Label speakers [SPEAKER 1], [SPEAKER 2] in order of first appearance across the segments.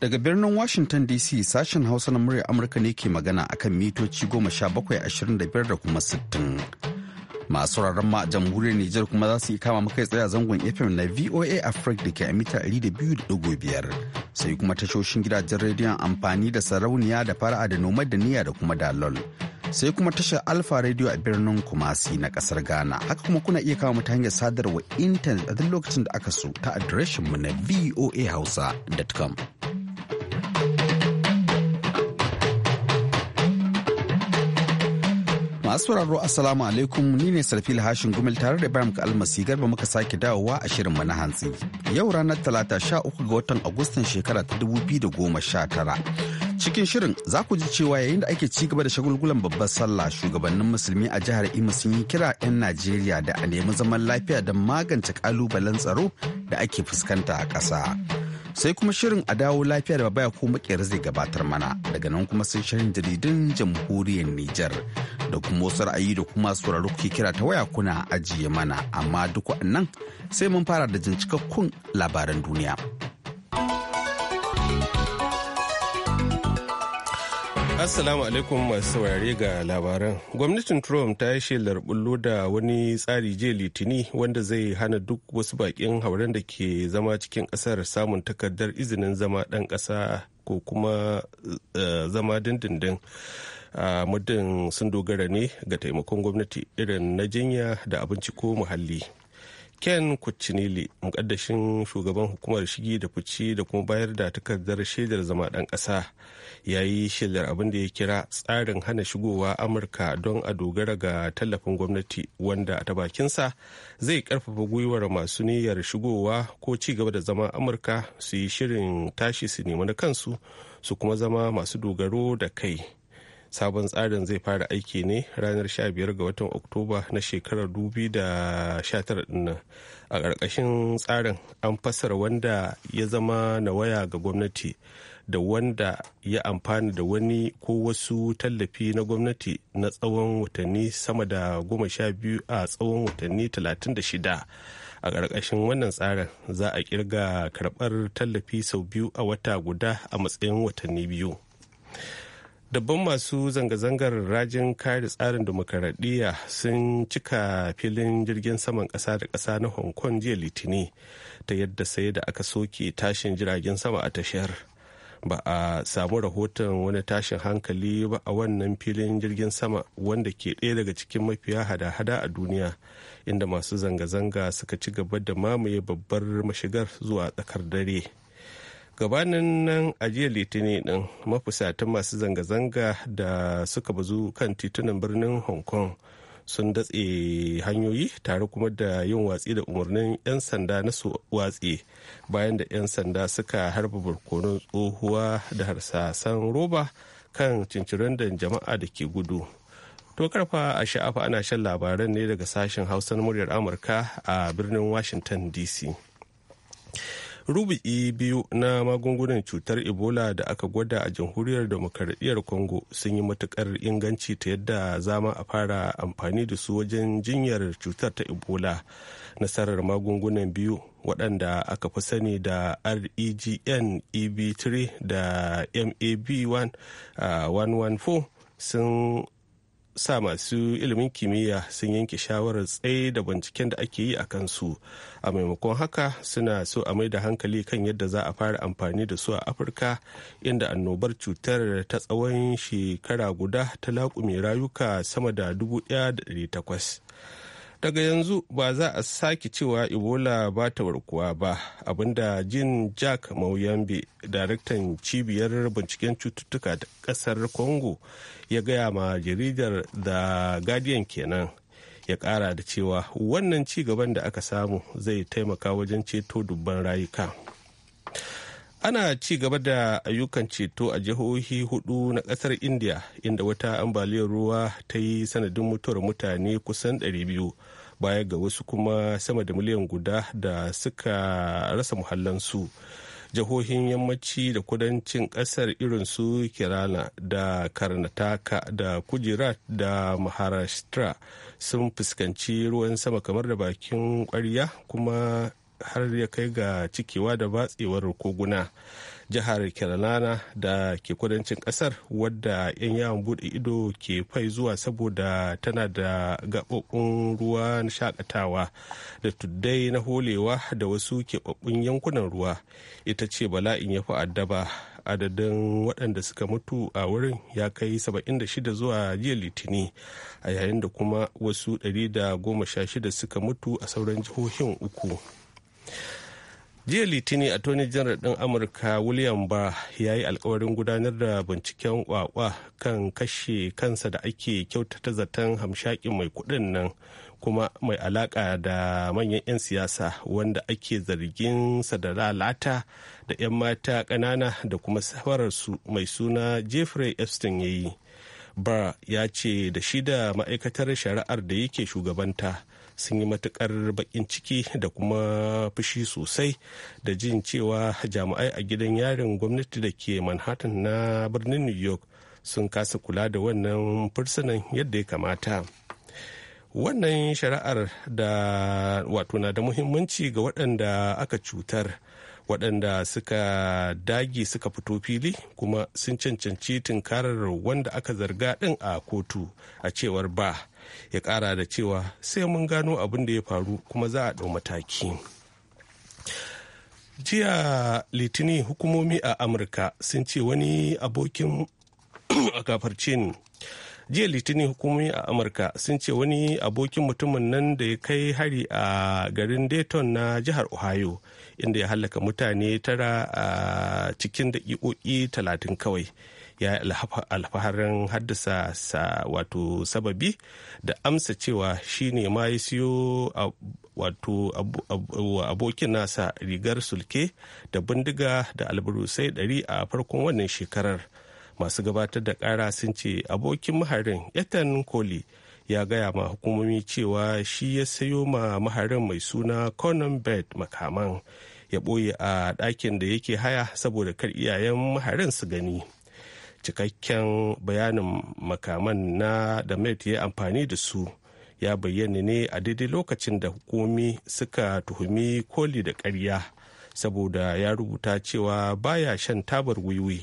[SPEAKER 1] Daga birnin Washington DC sashen Hausa na murya Amurka ne ke magana akan mitoci goma sha bakwai ashirin da biyar da kuma sittin. Masu rarren ma a jamhuriyar Nijar kuma za su yi kama muka tsaya zangon FM na VOA Africa da ke a mita ɗari da biyu da ɗigo biyar. Sai kuma tashoshin gidajen rediyon amfani da sarauniya da fara'a da nomad da niyya da kuma dalol. Sai kuma tashar Alfa Radio a birnin Kumasi na kasar Ghana. Haka kuma kuna iya kama ta hanyar sadarwa intanet a duk lokacin da aka so ta adireshinmu na voahausa.com. Masu sauraro Assalamu alaikum ni ne Sarfil Hashin Gumel tare da Ibrahim Almasi garba muka sake dawowa a shirin mu na hantsi. Yau ranar Talata sha uku ga watan Agustan shekara ta dubu biyu da goma sha tara. Cikin shirin za ku ji cewa yayin da ake ci gaba da shagulgulan babbar sallah shugabannin musulmi a jihar Imo sun yi kira 'yan Najeriya da a nemi zaman lafiya don magance kalubalen tsaro da ake fuskanta a ƙasa. sai kuma shirin a dawo lafiya da babaya ko makiyar zai gabatar mana daga nan kuma sai shirin jaridun jamhuriyar Nijar da kuma wasu ra'ayi da kuma sauraro kuke kira ta waya kuna ajiye mana amma duk waɗannan sai mun fara da jincikakkun labaran duniya.
[SPEAKER 2] Assalamu alaikum masu saurare ga labaran. Gwamnatin Trump ta yi shelar bullo da wani tsari jiya litini wanda zai hana duk wasu bakin hauren da ke zama cikin kasar samun takardar izinin zama ɗan ƙasa ko kuma eh, zama dindindin. a muddin sun dogara ne ga taimakon gwamnati irin na jinya da abinci ko muhalli. ken kucinili mukaddashin shugaban hukumar shigi da fice da kuma bayar da takardar shaidar zama ɗan ƙasa ya yi shelar abin ya kira tsarin hana shigowa amurka don a dogara ga tallafin gwamnati wanda a ta sa zai karfafa gwiwar masu niyyar shigowa ko ci gaba da zama amurka su yi shirin tashi su nemi na kansu su kuma zama masu dogaro da kai sabon tsarin zai fara aiki ne ranar 15 ga watan oktoba na shekarar 2019 a ƙarƙashin tsarin an fassara wanda ya zama na waya ga gwamnati da wanda ya amfana da wani ko wasu tallafi na gwamnati na tsawon watanni sama da goma sha biyu a tsawon watanni talatin da shida a ƙarƙashin wannan tsarin za a kirga karɓar tallafi sau biyu a wata guda a matsayin watanni biyu dabban masu zanga-zangar rajin kare tsarin dimokuraɗiyya sun cika filin jirgin saman ƙasa da ƙasa na hong kong jiya litini ta yadda sai da aka soke tashin jiragen sama a tashar ba a samu rahoton wani tashin hankali ba a wannan filin jirgin sama wanda ke ɗaya daga cikin mafiya hada-hada a duniya inda masu zanga-zanga suka ci gaba da mamaye babbar mashigar zuwa tsakar dare gabanin nan a jiya litinin din mafusatan masu zanga-zanga da suka bazu kan titunan birnin hong kong sun datse hanyoyi tare kuma da yin watsi da umarnin 'yan sanda na su watsi bayan da 'yan sanda suka harba barkonon tsohuwa da harsasan roba kan cincirin da jama'a da ke gudu to karfa a sha'afa ana shan labaran ne daga sashen hausa na muryar amurka a birnin washington dc rubu'i biyu na magungunan cutar ebola da aka gwada a jamhuriyar demokaradiyyar congo sun yi matukar inganci ta yadda zama a fara amfani da su wajen jinyar cutar ta ebola nasarar magungunan biyu waɗanda aka fi sani da regn eb3 da mab1 114 uh, sun sa masu ilimin kimiyya sun yanke shawarar tsaye da binciken da ake yi a kansu a maimakon haka suna so a mai da hankali kan yadda za a fara amfani da su a afirka inda annobar cutar ta tsawon shekara guda ta laƙume rayuka sama da 1,800 daga yanzu ba za a sake cewa ebola ba ta warkuwa ba abinda jin jack mauyambe daraktan cibiyar binciken cututtuka ta kasar congo ya gaya ma jaridar the guardian kenan ya kara da cewa wannan ci gaban da aka samu zai taimaka wajen ceto dubban rayuka ana ci gaba da ayyukan ceto a jihohi hudu na kasar india inda wata ambaliyar ruwa ta yi sanadin mutuwar mutane kusan 200 baya ga wasu kuma sama da miliyan guda da suka rasa muhallansu jihohin yammaci da kudancin kasar irin su kirana da karnataka da kujerat da maharashtra sun fuskanci ruwan sama kamar da bakin kwarya kuma har ya kai ga cikewa da batsewar koguna jihar carolina da ke kudancin kasar wadda 'yan yawon bude ido ke fai zuwa saboda tana da gaɓaɓɓun ruwa na shakatawa da tuddai na holewa da wasu keɓaɓɓun yankunan ruwa ita ce bala'in ya fi addaba adadin waɗanda suka mutu a wurin ya kai 76 zuwa jiya litini a yayin da kuma wasu 116 suka mutu a sauran jihohin uku. jiya litini attorney general din amurka william ba ya yi alkawarin gudanar da binciken kwakwa kan kashe kansa da ake kyautata zaton hamshakin mai kudin nan kuma mai alaka da manyan 'yan siyasa wanda ake zargin sa da lalata da 'yan mata kanana da kuma su mai suna jeffrey epstein ya yi ba ya ce da shi da ma'aikatar shari'ar da yake shugabanta sun yi matukar baƙin ciki da kuma fushi sosai da jin cewa jami'ai a gidan yarin gwamnati da ke manhattan na birnin new york sun kasa kula da wannan fursunan yadda ya kamata wannan shari'ar da wato na da muhimmanci ga waɗanda aka cutar waɗanda suka dage suka fito fili kuma sun cancanci tunkarar wanda aka zarga ɗin a kotu a cewar ba ya kara da cewa sai mun gano abin da ya faru kuma za a ɗau mataki jiya litinin hukumomi a amurka sun ce wani abokin a jiya litinin hukumomi a amurka sun ce wani abokin mutumin nan da ya kai hari a garin dayton na jihar ohio inda ya hallaka mutane tara a cikin daƙiƙoƙi talatin kawai ya yi alfaharin haddasa sa wato sababi da amsa cewa shine ma ya siyo wato abokin nasa rigar sulke da bindiga da alburu sai ɗari a farkon wannan shekarar masu gabatar da kara sun ce abokin maharin ethan koli ya gaya ma hukumomi cewa shi ya sayo ma maharin mai suna conan bed makaman ya ɓoye a ɗakin da yake haya saboda kar iyayen maharin su gani. cikakken bayanin makaman na da met ya amfani da su ya bayyana ne a daidai lokacin da hukumi suka tuhumi koli da karya saboda ya rubuta cewa baya shan tabar wiwi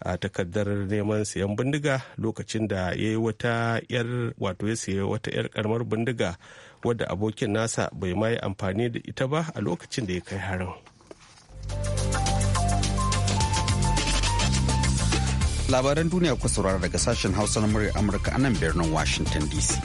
[SPEAKER 2] a takardar neman sayan bindiga lokacin da ya yi wata yar wato ya sayi wata yar karamar bindiga wadda abokin nasa bai ma yi amfani da ita ba a lokacin da ya kai harin.
[SPEAKER 1] Labaran duniya ku saurara daga sashen Hausa na muryar Amurka a nan birnin Washington DC.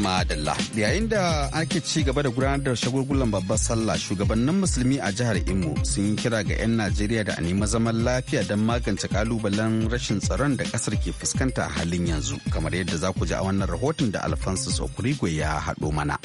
[SPEAKER 1] Madalla. Yayin da ake ci gaba da gudanar da shagulgulan babbar sallah shugabannin musulmi a jihar Imo sun yi kira ga 'yan Najeriya da a nemi zaman lafiya don magance kalubalen rashin tsaron da kasar ke fuskanta a halin yanzu kamar yadda za ku ji a wannan rahoton da alfansu okurigwe ya haɗo mana.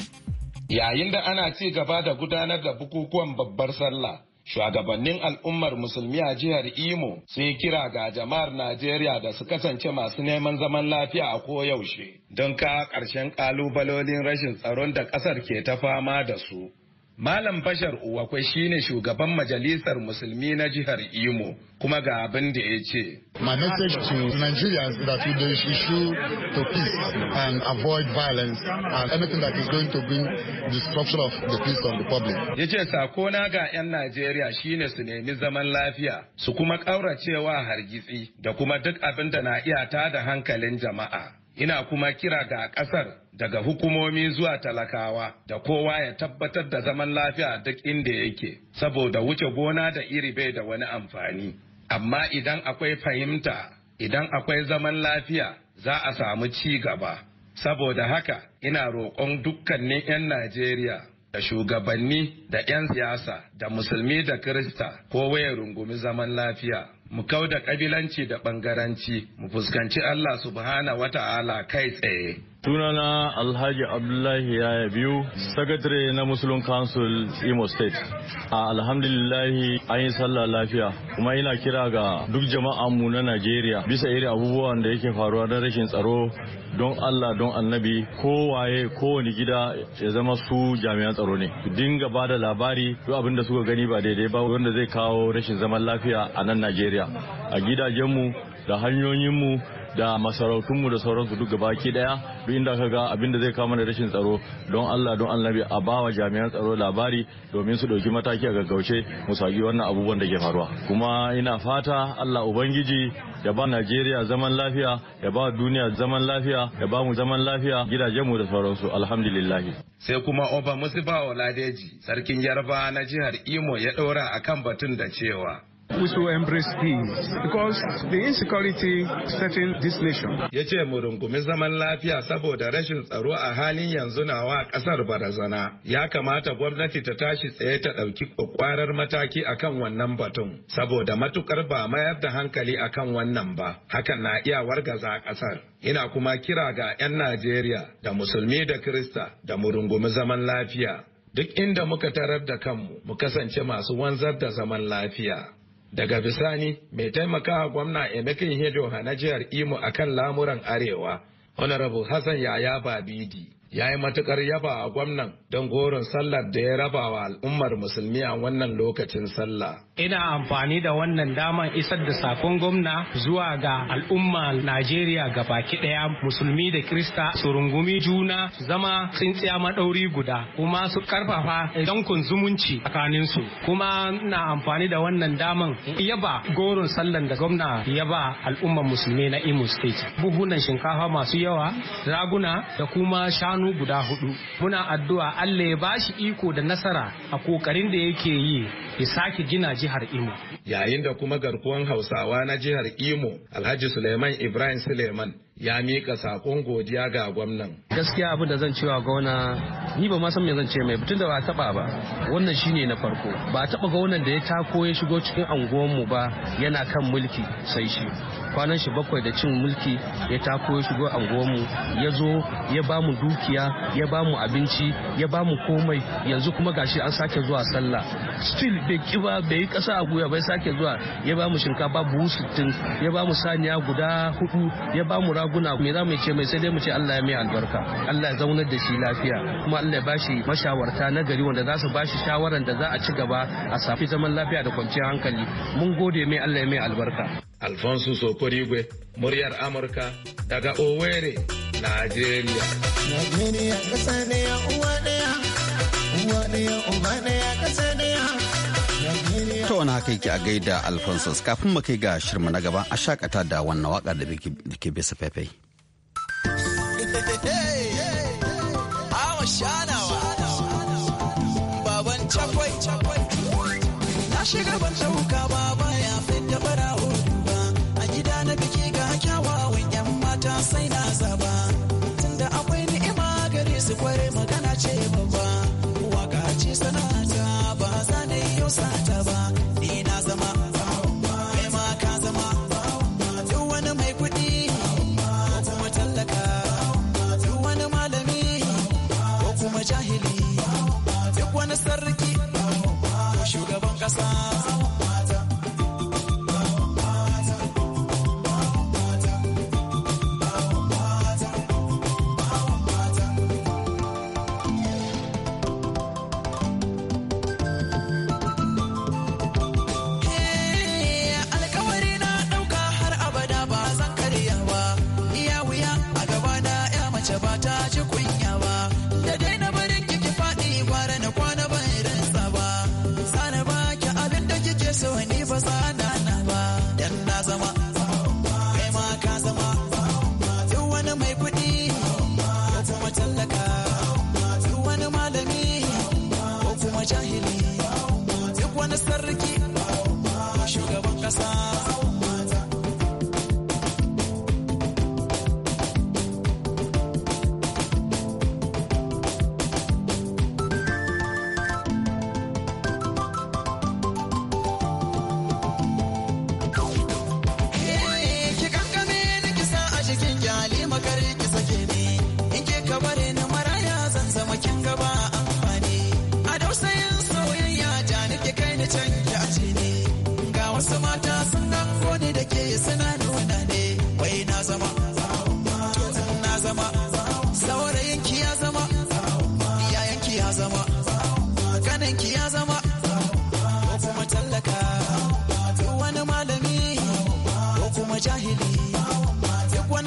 [SPEAKER 3] Yayin da ana ci gaba da gudanar da bukukuwan babbar sallah, shugabannin al'ummar musulmi a jihar Imo sun yi kira ga jama'ar Najeriya da su kasance masu neman zaman lafiya a koyaushe don ka ƙarshen ƙalubalolin rashin tsaron da ƙasar ke ta fama da su. Malam Bashar Uwakwai shine shugaban majalisar musulmi na jihar Imo kuma ga abin da ya ce.
[SPEAKER 4] My message to
[SPEAKER 3] Nigerians is that we issue to peace and avoid violence and anything that is going to bring disruption of the peace of the public. Ya ce sako na ga 'yan Najeriya shine su nemi zaman lafiya su kuma ƙauracewa hargitsi da kuma duk abin da na iya tada hankalin jama'a. Ina kuma kira ga ƙasar daga hukumomi zuwa talakawa da kowa ya tabbatar da zaman lafiya duk inda yake, saboda wuce gona da iri bai da wani amfani. Amma idan akwai fahimta, idan akwai zaman lafiya, za a samu ci gaba. Saboda haka, ina roƙon dukkanin 'yan Najeriya da shugabanni da 'yan siyasa da musulmi da Kirista kowa ya rungumi zaman lafiya. mu kau da kabilanci da bangaranci mu fuskanci Allah subhana wa ta'ala kai tsaye. Tunana Alhaji Abdullahi Yaya biyu, sakatare na Muslim Council Imo State. A alhamdulillahi an yi sallah lafiya, kuma ina kira ga duk mu na Najeriya bisa iri abubuwan da yake faruwa na rashin tsaro don Allah don annabi kowaye kowane gida ya zama su jami'an tsaro ne. Dinga ba da labari duk abin da suka gani ba daidai ba wanda zai kawo rashin zaman lafiya a nan Najeriya. lafiya a gidajenmu da hanyoyinmu da masarautunmu da sauransu duk gabaki daya duk inda ka ga abin zai kama da rashin tsaro don Allah don Annabi a bawa jami'an tsaro labari domin su dauki mataki a gaggauce mu saki wannan abubuwan da ke faruwa kuma ina fata Allah ubangiji ya ba Najeriya zaman lafiya ya ba duniya zaman lafiya ya ba mu zaman lafiya gidajenmu da sauransu alhamdulillah sai kuma Oba Musiba ladeji sarkin Yarba na jihar Imo ya daura akan batun da cewa we should embrace peace because the insecurity is setting this nation. Ya ce mu rungumi zaman lafiya saboda rashin tsaro a halin yanzu na wa kasar barazana. Ya kamata gwamnati ta tashi tsaye ta ɗauki kwakwarar mataki akan wannan batun saboda matukar ba mayar da hankali akan wannan ba. Hakan na iya wargaza kasar. Ina kuma kira ga 'yan Najeriya da musulmi da Kirista da mu rungumi zaman lafiya. Duk inda muka tarar da kanmu, mu kasance masu wanzar da zaman lafiya. Daga bisani mai taimakawa gwamna Emekin Hedo na jihar Imo a kan lamuran Arewa, Honorable Hassan Yaya Babidi. ya yi matukar yaba a gwamnan don goron sallar da ya rabawa al'ummar musulmi a wannan lokacin sallah. ina amfani da wannan daman isar da sakon gwamna zuwa ga al'umma najeriya ga baki ɗaya musulmi da krista su rungumi juna zama tsintsiya maɗauri guda kuma su karfafa dankun zumunci tsakanin su kuma na amfani da wannan daman yaba goron sallan da gwamna ya ba al'umman musulmi na imo state buhunan shinkafa masu yawa raguna da kuma shanu guda hudu muna addu'a allah ya bashi iko da nasara a kokarin da yake yi ya sake gina jihar Imo. Yayin da kuma garkuwan Hausawa na jihar Imo Alhaji Suleiman Ibrahim Suleiman ya mika sakon godiya ga gwamnan.
[SPEAKER 5] Gaskiya abin da zan cewa gwamna ni ba ma san me zan ce mai tun da ba taba ba wannan shine na farko ba taba gwamnan da ya tako ya shigo cikin mu ba yana kan mulki sai shi kwanan shi bakwai da cin mulki ya tako ya shigo mu ya zo ya ba mu dukiya ya ba mu abinci ya ba mu komai yanzu kuma gashi an sake zuwa sallah still bai kiba bai yi kasa a guya bai sake zuwa ya ba mu shinkafa buhu sittin ya ba mu saniya guda hudu ya ba mu maguna me za mu ce mai sai dai mu ce Allah ya mai albarka Allah ya zaunar da shi lafiya kuma Allah ya bashi mashawarta na gari wanda za su bashi shawaran da za a ci gaba a safi zaman lafiya da kwanciyar hankali mun gode mai Allah ya mai albarka
[SPEAKER 3] Alfonso Sokorigwe muryar Amurka daga Owerri Najeriya
[SPEAKER 6] Najeriya kasa ne ya
[SPEAKER 2] uwa ne uwa ne uwa uba ne kasa
[SPEAKER 1] ta wani haka yake a gaida alfonso kafin mu kai ga shirma na gaba a shakata da wannan waka da ke bisa faifai.
[SPEAKER 7] sata ba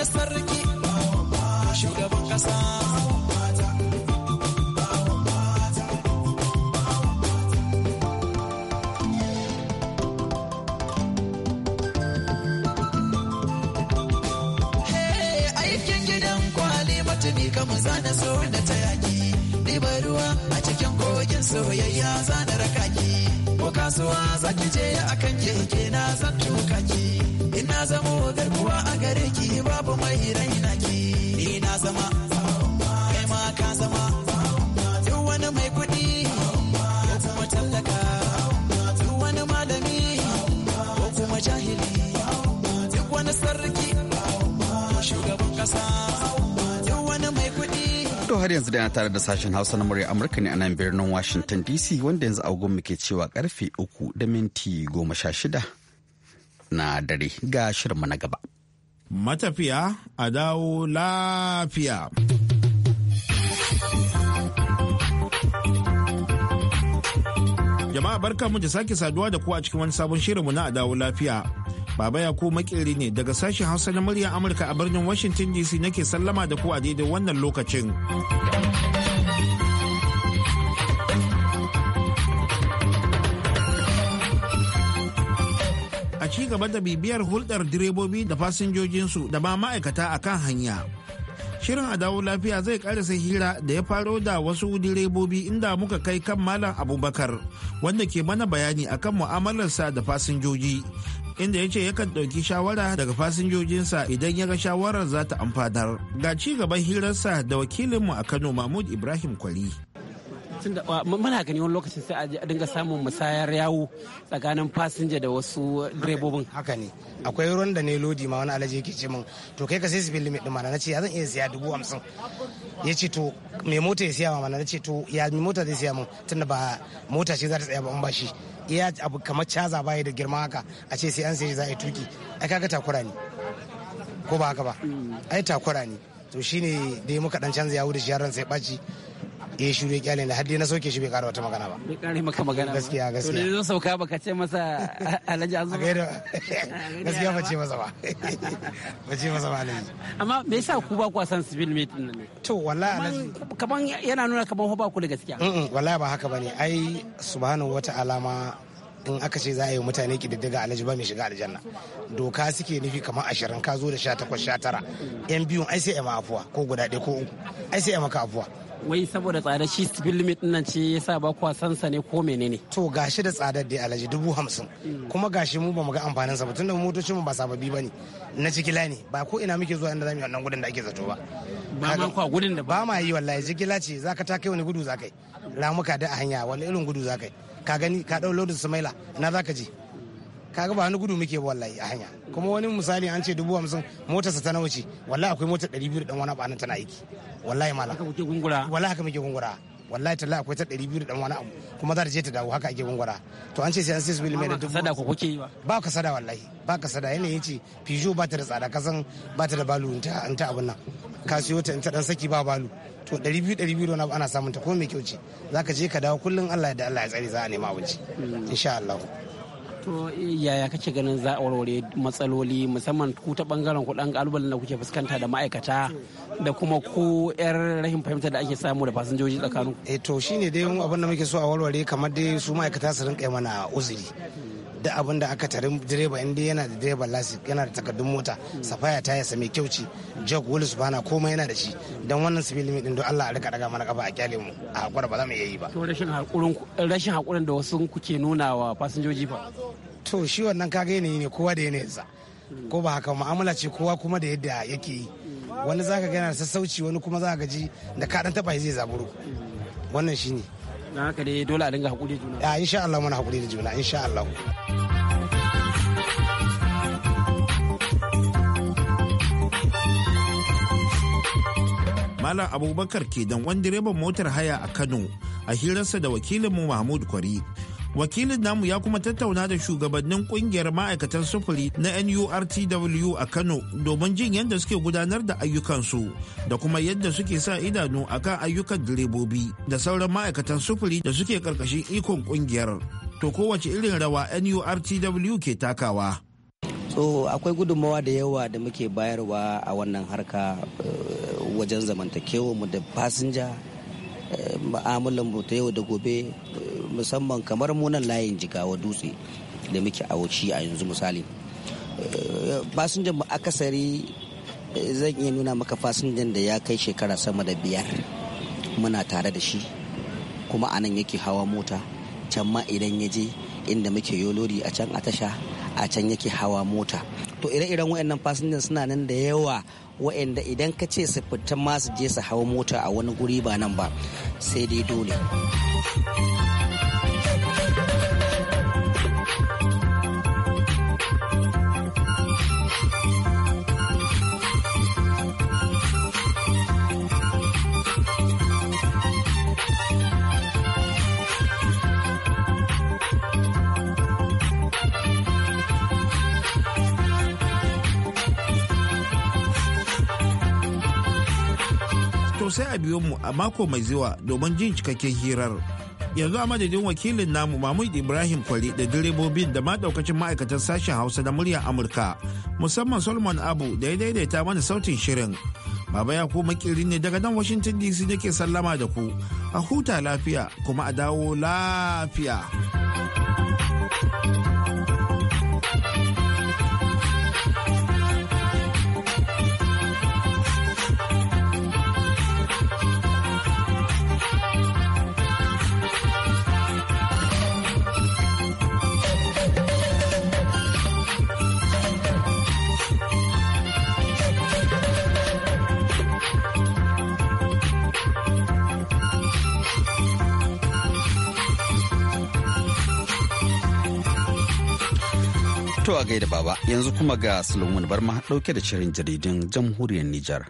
[SPEAKER 7] sarki shugaban kasa
[SPEAKER 1] yanzu da yana tare da sashen Hausa na murya Amurka ne a nan birnin Washington DC wanda yanzu agon muke cewa karfe uku da minti goma sha shida na dare ga shirinmu na gaba. Matafiya
[SPEAKER 4] a dawo lafiya. Jama'a barka mu da sake saduwa da kuwa a cikin wani sabon shirinmu na a dawo lafiya. Baba Yakubu makeri ne daga sashen Hausa na murya Amurka a birnin Washington DC nake sallama da ku a daidai wannan lokacin. A ci gaba da bibiyar hulɗar direbobi da fasinjojinsu da ba ma'aikata a kan hanya. Shirin a dawo lafiya zai karasa hira da ya faro da wasu direbobi inda muka kai kan Malam Abubakar wanda ke mana bayani akan mu'amalarsa da fasinjoji inda ya ce yakan ɗauki shawara daga fasinjojinsa idan ya ga shawarar za ta amfanar. Ga ci gaban hirarsa da wakilinmu a Kano Mahmud Ibrahim Kwari.
[SPEAKER 6] da muna gani wani lokacin sai a dinga samun musayar yawo tsakanin fasinja da wasu direbobin haka ne akwai ruwan da ne lodi ma wani alaji yake ce min to kai ka sai speed limit din mana ce ya zan iya siya dubu hamsin ya ce to mai mota ya siya ma mana na ce to ya mai mota zai siya min tunda ba mota ce za ta tsaya ba in ba shi iya abu kamar caza baya da girma haka a ce sai an sai za a yi tuki ai kaga takura ne ko ba haka ba mm. ai takura ne to shine dai muka dan canza yawo da shi yaran sai ɓaci ya eh, shiru ya kyale har dai na sauke shi bai kara wata magana ba bai kare maka magana ba gaskiya gaskiya to ne zo sauka baka ce masa alhaji azu gaskiya ba ce masa ba ba ce masa ba alhaji amma me yasa ku ba ku san civil mate din ne to wallahi alhaji kaman yana nuna kaman ba ku da gaskiya wallahi ba haka bane ai subhanahu wata alama in aka ce za a yi mutane kididdiga alhaji ba mai shiga aljanna doka suke nufi kamar ashirin ka zo da sha takwas sha tara yan biyun ai sai ya ma afuwa ko guda ɗaya ko uku ai sai ya maka afuwa wai saboda tsada shi civil limit nan ce yasa ba kwa san sa ne ko menene to gashi da tsadar dai alaji dubu hamsin hmm. kuma gashi mu ba mu ga amfanin sa ba tunda motocin mu ba sababbi bane na jigila ne ba ko ina muke zuwa inda zamu yi wannan gudun da ake zato ba ba ma kwa gudun da ba ma yi wallahi jigila ce zaka ta kai wani gudu yi ramuka da a hanya wani irin gudu yi ka gani ka dau lodin sumaila na zaka je kaga ba wani gudu muke bi wallahi a hanya kuma wani misali an ce dubu hamsin motarsa ta nawa ce wallahi akwai motar ɗari biyu da ɗan wani anan tana aiki wallahi malam haka wallahi haka muke gungura wallahi talla akwai ta ɗari biyu da ɗan wani abu kuma za ta je ta dawo haka ake gungura to an ce sai an sai su bi limai da dubu sada ko kuke yi ba ba ka sada wallahi ba ka sada yanayin ce pijo ba ta da tsada kasan ba ta da balu in ta abin nan ka siyo ta in ta dan saki ba balu to ɗari biyu ɗari biyu ana samun ta ko mai kyau ce za ka je ka dawo kullum Allah da Allah ya tsare za a nema abinci hmm. insha Allah To eh, yaya kake ganin za a warware matsaloli musamman ku ta bangaren kudin kalubalen da kuke fuskanta da ma'aikata da kuma ko yar rahin fahimtar da ake samu da fasinjoji tsakanin. Eh to shine dai abin da muke so a warware kamar dai su ma'aikata su rinka mana uzuri. duk abin da aka tare direba inda yana da direban lasik yana da takardun mota safaya ta yasa mai kyauci jog ba bana komai yana da shi don wannan civil limit din don Allah a rika daga mana kafa a kyale mu a hakura ba za mu iya yi ba to rashin hakurin rashin hakurin da wasu kuke nuna wa fasinjoji ba. to shi wannan kaga yanayi ne kowa da yanayin sa ko ba haka mu'amala ce kowa kuma da yadda yake yi wani zaka ga yana sassauci wani kuma zaka gaji da kaɗan taɓa taba zai zaburu wannan shine Na haka dai dole a dinga hakuri juna. Ya insha Allah muna hakuri da juna insha Allah.
[SPEAKER 4] Malam Abubakar ke kenan wani direban motar haya a Kano a hirarsa da wakilinmu Mahmud Kwari. wakilin namu ya kuma tattauna da shugabannin kungiyar ma'aikatan sufuri na nurtw a kano domin jin yadda suke gudanar da ayyukansu da kuma yadda suke sa idanu akan ayyukan direbobi da sauran ma'aikatan sufuri da suke karkashin ikon kungiyar to kowace irin rawa nurtw ke takawa so akwai gudunmawa da yawa da muke bayarwa
[SPEAKER 5] a wannan harka eh, wajen zamantakewa mu da fasinja mu'amalan mu ta yau da gobe musamman kamar munan layin jigawa dutse da muke a wuce a yanzu misali fasinjan mu akasari zan iya nuna maka fasinjan da ya kai shekara sama da biyar muna tare da shi kuma anan yake hawa mota can ma idan ya je inda muke yolori a can a tasha a can yake hawa mota to ire-iren waɗannan fasinjan suna nan da yawa waɗanda idan ka ce su fita masu su je su hawa mota a wani guri ba nan ba sai dai dole.
[SPEAKER 4] sai a biyo mu a mako mai zuwa domin jin cikakken hirar. Yanzu a madadin wakilin namu Mahmud Ibrahim Kwari da direbobin da ma daukacin ma'aikatan sashen Hausa da muryar Amurka musamman Solomon Abu da ya daidaita mana sautin shirin. Baba ya ku makiri ne daga nan Washington DC ke sallama da ku. A huta lafiya kuma a dawo lafiya.
[SPEAKER 1] gaida baba yanzu kuma ga Sulaiman Barma dauke da shirin jaridun jamhuriyar Nijar.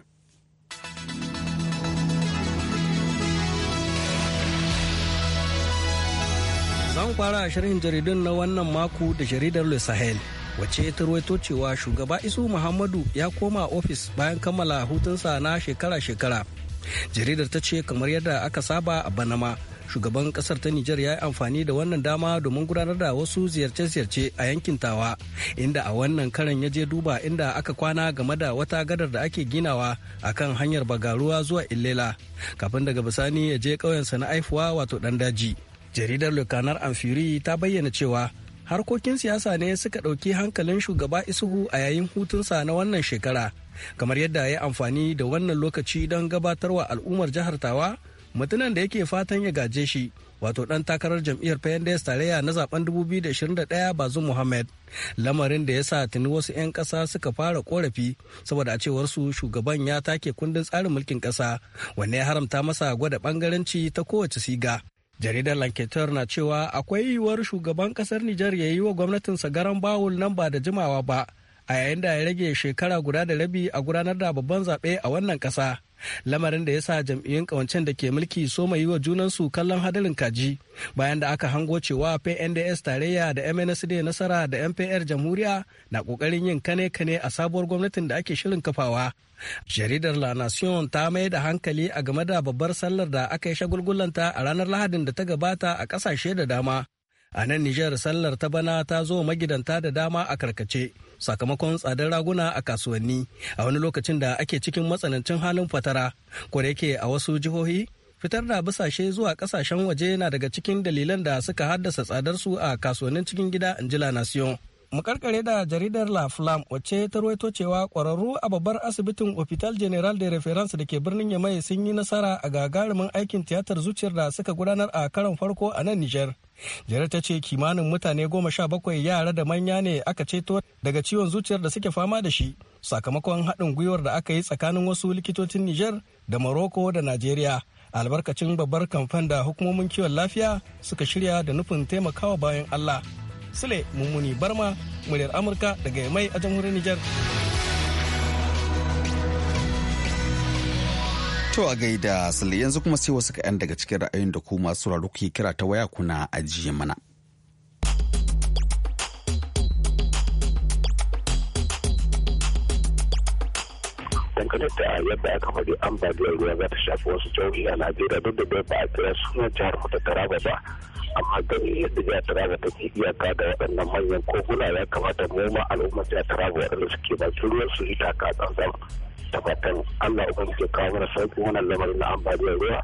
[SPEAKER 5] Zan fara shirin jaridun na wannan mako da jaridar Le Sahel. wace ta ruwaito cewa shugaba isu muhammadu ya koma ofis bayan kammala hutunsa na shekara-shekara jaridar ta ce kamar yadda aka saba a banama shugaban kasar ta Nijar ya yi amfani da wannan dama domin gudanar da wasu ziyarce-ziyarce a yankin tawa inda a wannan karan ya je duba inda aka kwana game da wata gadar da ake ginawa a kan hanyar bagaruwa zuwa illela kafin daga bisani ya je ƙauyensa na aifuwa wato ɗan daji jaridar lukanar amfiri ta bayyana cewa harkokin siyasa ne suka ɗauki hankalin shugaba isuhu a yayin hutunsa na wannan shekara kamar yadda ya amfani da wannan lokaci don gabatarwa al'ummar jihar tawa mutumin da yake fatan ya gaje shi wato dan takarar jam'iyyar pnds tarayya na zaben 2021 bazu muhammad lamarin da ya sa tuni wasu 'yan ƙasa suka fara korafi saboda a cewar su shugaban ya take kundin tsarin mulkin ƙasa wanne ya haramta masa gwada bangaranci ta kowace siga jaridar lanketer na cewa akwai yiwuwar shugaban ƙasar nijar ya yi wa gwamnatinsa garan bawul nan ba da jimawa ba a yayin da ya rage shekara guda da rabi a gudanar da babban zaɓe a wannan ƙasa lamarin da ya sa jam'iyyun kawancen da ke mulki so mai yi wa junansu kallon hadarin kaji bayan da aka hango cewa pnds tarayya da mnsd nasara da mpr jamhuriya na kokarin yin kane-kane a sabuwar gwamnatin da ake shirin kafawa jaridar la nation ta mai da hankali a game da babbar sallar da aka yi shagulgulanta a ranar lahadin da ta gabata a kasashe da dama a nan nijar sallar ta bana ta zo magidanta da dama a karkace sakamakon tsadar raguna a kasuwanni a wani lokacin da ake cikin matsanancin halin fatara ko da yake a wasu jihohi fitar da bisashe zuwa kasashen waje na daga cikin dalilan da suka haddasa tsadar su a kasuwannin cikin gida in ji la da jaridar la flam wacce ta ruwaito cewa kwararru a babbar asibitin hospital general de reference da ke birnin yamai sun yi nasara a gagarumin aikin tiyatar zuciyar da suka gudanar a karon farko a nan Nijar. jere ta ce kimanin mutane goma sha bakwai yara da manya ne aka ceto daga ciwon zuciyar da suke fama da shi sakamakon haɗin gwiwar da aka yi tsakanin wasu likitocin nijar da morocco da najeriya albarkacin babbar kamfan da hukumomin kiwon lafiya suka shirya da nufin taimakawa bayan allah sule mummuni barma muryar amurka daga mai a jamhuriyar nijar
[SPEAKER 1] To a gaida Sule yanzu kuma sai wasu kaɗan daga cikin ra'ayin da kuma masu sauraro kuke kira ta waya kuna ajiye mana.
[SPEAKER 6] dangane da yadda aka faɗi ambaliyar ruwa za ta shafi wasu jihohi a najeriya duk da bai ba a kira sunan jihar mu ta taraba ba amma gani yadda jihar taraba ta ke iyaka da waɗannan manyan koguna ya kamata mu ma al'ummar jihar taraba waɗanda suke bakin ruwan su ita ka tsantsan tabbatar Allah ubangiji ke kawo mana sauƙi wannan lamarin na ambaliyar ruwa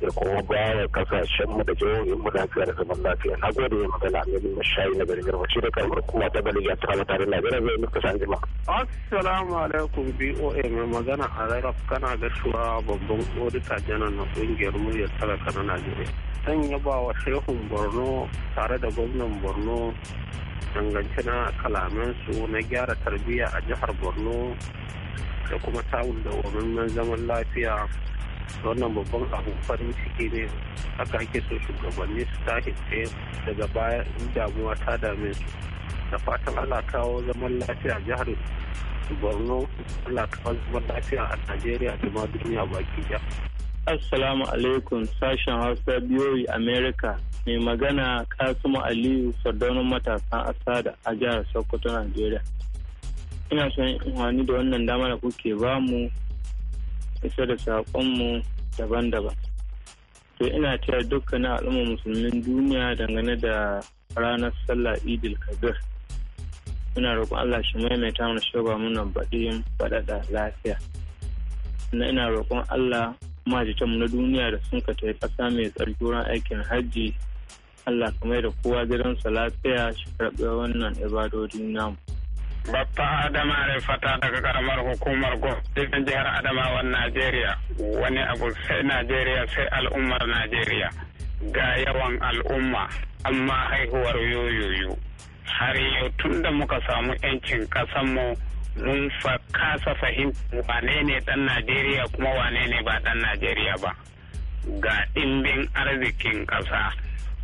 [SPEAKER 6] da kuma bawa kasashen mu da jihohin mu lafiya da zaman lafiya na gode ya magana ne na shayi na garin garbaci da karamar kuma ta bali ya tsara tare da garin zai muka san jima
[SPEAKER 2] assalamu alaikum BOA mai magana a rarraf kana gashuwa babban odita janar na kungiyar muryar talaka na Najeriya zan yaba wa shehun Borno tare da gwamnan Borno dangance na kalamansu na gyara tarbiyya a jihar Borno da kuma samun dawamammen zaman lafiya wannan babban abu farin ciki ne haka ake so shugabanni su tashi tsaye daga baya in damuwa ta dame su da fatan allah kawo zaman lafiya jihar borno allah kawo zaman lafiya a najeriya da ma duniya baki ya Assalamu alaikum sashen Hausa biyoyi america mai magana kasuma Aliyu sardaunin matasan Asada a jihar Sokoto, Najeriya. ina son in da wannan dama da kuke ba mu isa da saƙonmu daban-daban to ina taya dukkanin al'ummar musulmin duniya dangane da ranar sallah idil kabir ina roƙon allah shi maimaita mana shugaba muna baɗin faɗaɗa lafiya na ina roƙon allah majitanmu na duniya da sun ka tafi ƙasa mai tsarki wurin aikin hajji allah kamar da kowa gidansa lafiya shi karɓi wannan ibadodin namu Baffa Adama fata daga karamar hukumar gwamnatin jihar Adamawan Najeriya wani abu sai Najeriya sai al'ummar Najeriya ga yawan al'umma amma haihuwar yoyoyo har
[SPEAKER 6] yau tun da muka samu 'yancin kasanmu mun fa kasa fahimtar. wane ne dan Najeriya kuma wane ne ba
[SPEAKER 2] dan Najeriya ba ga ɗimbin arzikin ƙasa.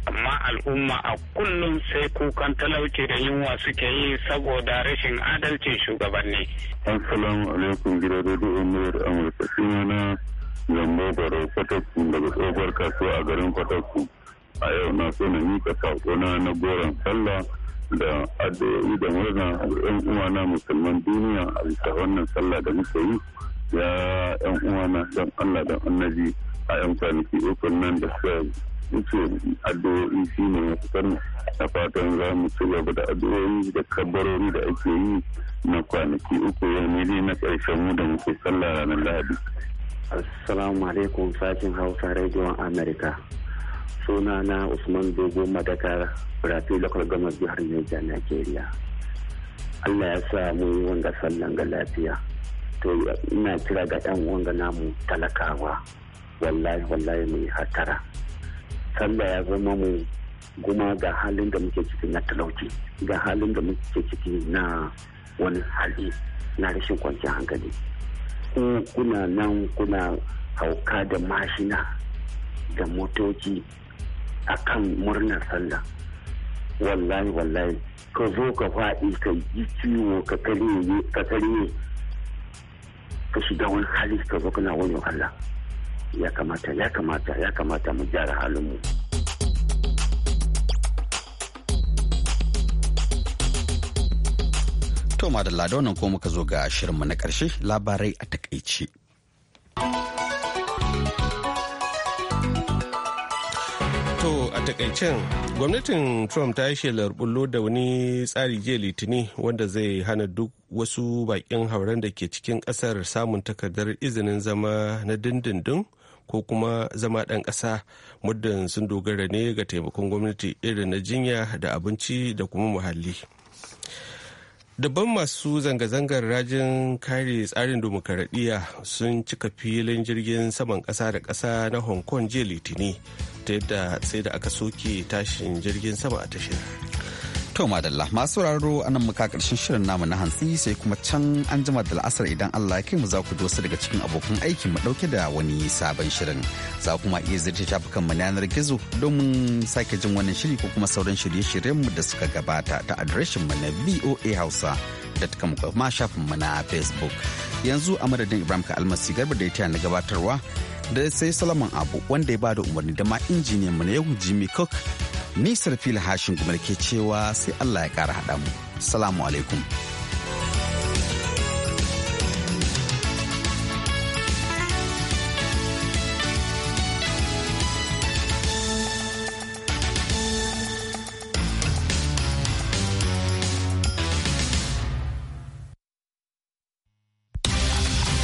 [SPEAKER 2] amma al'umma a kullum sai kukan talauci da yunwa suke yi saboda rashin adalcin shugabanni.
[SPEAKER 7] Assalamu alaikum gida rediyo muryar Amurka na Zambo baro Fataku daga tsohuwar kasuwa a garin Fataku. A yau na so na mika na goron sallah da addu'o'i da murna ga 'yan uwana musulman duniya a bisa wannan sallah da muke yi ya 'yan na don Allah da annabi a 'yan kwanaki uku nan da suka muke addu'o'i shi ne mafisar na fatan za mu ci gaba da addu'o'i da kabarori da ake yi na kwanaki uku yau ne dai na ƙarshen mu da muke sallah ranar lahadi. assalamu alaikum sashen hausa rediyon america
[SPEAKER 6] suna na usman dogo madakar rafi lokal gamar jihar niger nigeria allah ya sa mu yi wanga sallan ga lafiya to ina kira ga ɗan wanga namu talakawa wallahi wallahi mai hatara sallah ya zama mu kuma ga halin da muke ciki na talauci ga halin da muke ciki na wani hali na rashin kwanciyar hankali kuna nan kuna hauka da mashina da motoci a kan murnar sallah wallahi wallahi ka zo ka faɗi ka yi ciwo ka karye ka shiga wani hali ka zo kana wani Allah. ya kamata ya kamata ya kamata mu gyara
[SPEAKER 1] halinmu. To madalla da wannan ko muka zo ga shirinmu na ƙarshe labarai a
[SPEAKER 2] takaice. To a takaicen gwamnatin Trump ta yi shelar bullo da wani tsari jiya litini wanda zai hana duk wasu bakin hauren da ke cikin kasar samun takardar izinin zama na dindindin ko kuma zama ɗan ƙasa muddin sun dogara ne ga taimakon gwamnati irin na jinya da abinci da kuma muhalli. Dabban masu zanga-zangar rajin kare tsarin dimokuraɗiyya sun cika filin jirgin saman ƙasa da ƙasa na Hong Kong jiya Litini ta yadda sai da aka soke tashin jirgin sama a tashin. To madalla
[SPEAKER 1] masu sauraro anan muka karshen shirin namu na hantsi sai kuma can an jima da la'asar idan Allah ya kai mu za ku dosa daga cikin abokan aiki mu dauke da wani sabon shirin. Za kuma iya zirce shafukan mu yanar gizo domin sake jin wannan shiri ko kuma sauran shirye-shiryen mu da suka gabata ta adireshin mu na BOA Hausa. da ta ma shafin mu na facebook yanzu a madadin ibrahim ka almasi garba da ya na gabatarwa da sai salaman abu wanda ya bada umarni da ma injiniyan mu na yau jimmy cook Nisar fil hashin kuma ke cewa sai Allah ya ƙara haɗa mu. Salamu alaikum.